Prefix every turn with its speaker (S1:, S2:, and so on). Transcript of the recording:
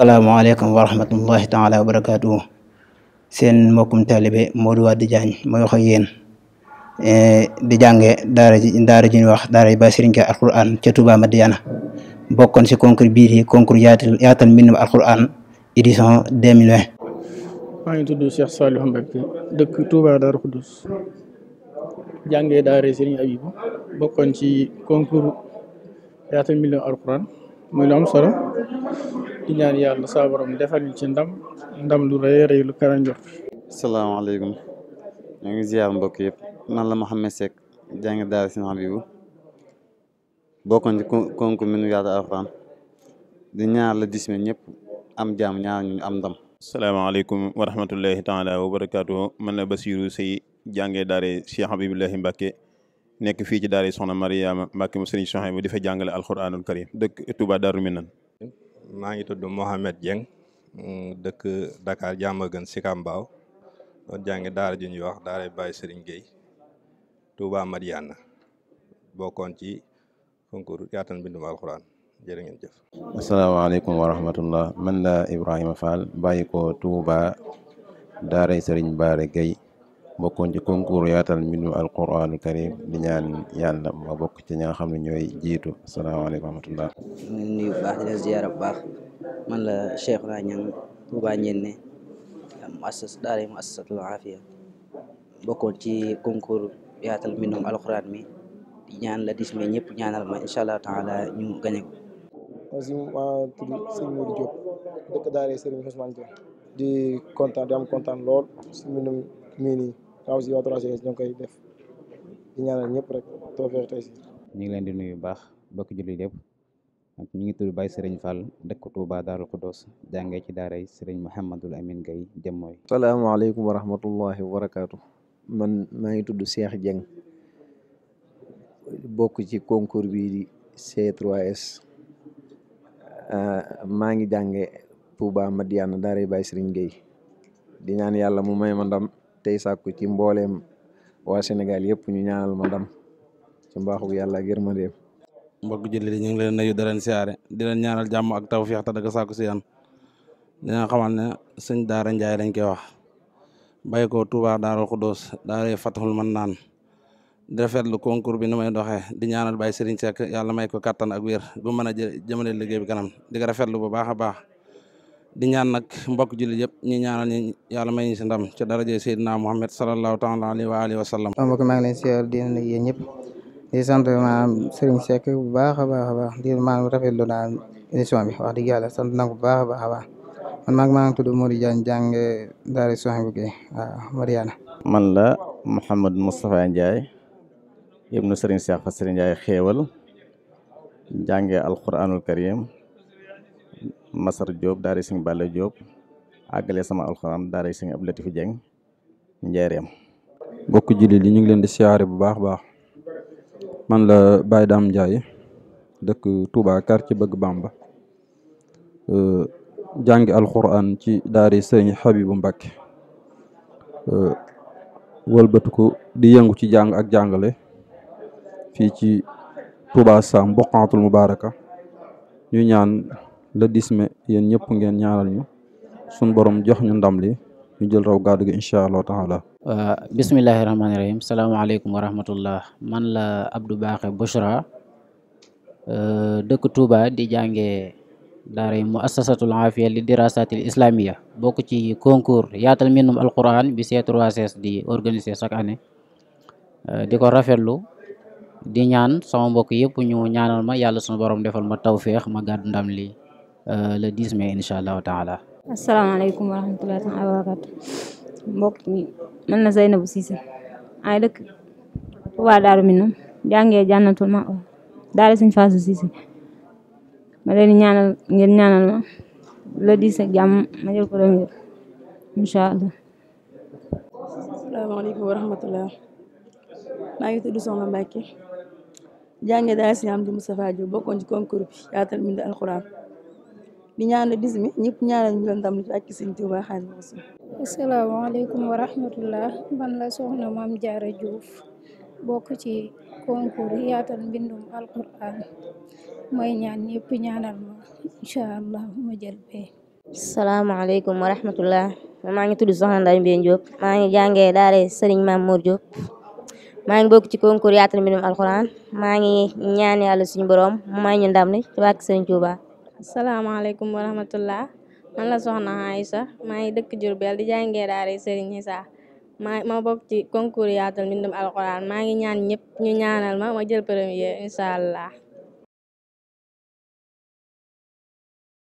S1: salaamaaleykum wa rahmatullahi taala wa barakaatu seen mbokkum taalibe Modou Wade Diagne mooy wax ak yéen eh, di jànge daara ji daara ji ñuy wax daara ji ba Serigne Ka alquran ca Touba Madiana bokkoon bokkoon ci concours yaatal mbindum alquran muy lu am solo ñaan yàlla saa borom defal ci ndam ndam lu rëy rëy lu kara njort. salaamaaleykum ñu ngi ziar mbokk yëpp man la Mouhamed Seck jàng daara si Habibu bokkoon ci concours mi nu yaata alxuraan di ñaar la dis mi ñëpp am jàmm ñaar ñu am ndam. salaamaaleykum wa rahmatullahi taala wa barakaatuhu man la Basiru Sey jàngee daare Cheikh Habibullahi Mbacke nekk fii ci daare Soxna Mariama Mbacke mu sëriñ Soxna bu di fa jàngale alxuraanul karim dëkk Touba Darou Minane maa ngi tudd Mohamed Dieng mm, dëkk Dakar Diamaguène Sicap Mbao doon jàngi daara ju ñuy wax daara Baye Serigne Gueye Madiana bokkoon ci concours yaatal mbindum alxuraan jërë ngeen jëf. asalaamaaleykum wa rahmatullah man la Ibrahima Fall bàyyi ko Touba daara Serigne Bara bokkoon ci concours yaatal mbindum alquraanul karim di ñaan yàlla ma bokk ci ñi xam ne ñooy jiitu asalaamaaleykum wa rahmatullah ñu nuyu bu baax di ziyaara baax man la Cheikh naa ñang Tuubaa ñenne muassas daara muassasatul aafiya bokkoon ci concours yaatal mbindum alquraan mi di ñaan la dis mais ma incha allah taala ñu gañe te aussi waa 3 koy def ñëpp rek ñu ngi leen di nuyu bu baax bokk jullit yëpp ak ñu ngi tudd Baye Serigne Fall dëkk Touba Darou Khoudoss jàngee ci daaray Serigne Mouhamadul Amin Gaye Jëmmooy. salaamaaleykum wa rahmatullahi wa barakaatu. man maa ngi tudd Cheikh Dieng bokk ci concours bii di c ah, maa ngi jànge Touba Madiana daaray Baye Serigne Gaye di ñaan yàlla mu may ma tey sàkku ci mbooleem waa Sénégal yëpp ñu ñaanal ma ndam ci mbaaxu yàlla ak yërmandeem mbokk jullit yi ñu ngi leen nuyu di leen siyaare di leen ñaanal jàmm ak tawfeex te daga sàkku si yaan dina xamal ne sëñ Daara njaay lañ koy wax bàyyi ko Touba Daarul Xuddoos daaray Fatahul Mannaan man rafetlu concours bi ni may doxee di ñaanal Baye Serigne Seck yàlla may ak wér mën a jëmale liggéey di ñaan nag mbokk jullit yëpp ñi ñaanal ñi yàlla may ñu si ndam ci daraje Seydina Muhammad sallallahu taala alayhi wa alihi wa di nuyu yéen ñëpp di bu baax a baax a baax bi wax dëgg yàlla sant naa ko baax a baax a baax man maag maa ngi tudd Modou Diagne jàng daara soxna bu kii waaw Mariana man la Mouhamed Moustapha Ndiaye ibnu Serigne Seck fa Serigne Ndiaye xéewal jàngee alquranul Masar Diop daara sëñ Balla Diop àggale sama alxuraan daara sëñ Abdou Latif Dieng njaareem bokk jullit li ñu ngi leen di siyaare bu baax baax man la Baye Dame Ndiaye dëkk Touba ci Bëgg Bamba euh, jàngi alxuraan ci daari sëriñ Habibu Mbakke euh, wëlbatiku di yëngu ci jàng ak jàngale fii ci Touba Sam Boqantul Mubaraka ñu ñaan le 10 mai yéen ñëpp ngeen ñaanal ñu suñ borom jox ñu ndam li ñu jël raw gàddu gi incha allahu taala waa euh, bismillahi rahmaani rahim salaamaaleykum wa rahmatullah man la Abdou Baaxe Bouchra euh, dëkk Touba di jàngee daara mu assasatul aafiya li dirasatil islamiya bokk ci concours yaatal mbindum alquran bi c 3 di organise sak année euh, di ko rafetlu di ñaan sama mbokk yëpp ñu ñaanal ma yàlla sunu borom defal ma tawféex ma gàddu ndam lii Euh, le 10 mai incha allahu taala. asalaamaaleykum wa rahmatulah wa barakaatu mbokk mi man la Seynabou Cissé ay dëkk Touba Darou Minam jàngee jànnatul ma daara Sëñ ma leen ñaanal ngeen ñaanal ma ma jël ko premier incha allah. asalaamaaleykum wa rahmatulah maa ngi tudd Soxna Mbacke jàngee daara Sëñ Amdi Moustapha Diop bokkoon ci concours bi yaatal di ñaanal bis mi ñëpp ñaanal ñu doon ndam ci ak Sëriñ Tuubaa Xaadimu Rasuul. asalaamaaleykum wa rahmatullah man la soxna Maam Jaara Diouf bokk ci concours yaatal mbindum alquran mooy ñaan ñëpp ñaanal ma incha allah ma jël bee. salaamaaleykum wa rahmatullah maa ngi tudd Soxna Ndeye Mbène Diop maa ngi jàngee daara Sëriñ Maam Mor Diop. maa ngi bokk ci concours yaatal mbindum alquran maa ngi ñaan yàlla suñu borom mu may ñu ndam li ci barke Sëriñ Tuubaa asalaamaaleykum wa rahmatullah man la soxna Aïcha maa ngi dëkk Jurbel di jàngee daara Sëriñ Issa maa ma bokk ci concours yaatal mbindum alquran maa ngi ñaan ñëpp ñu ñaanal ma ma jël premier incha allah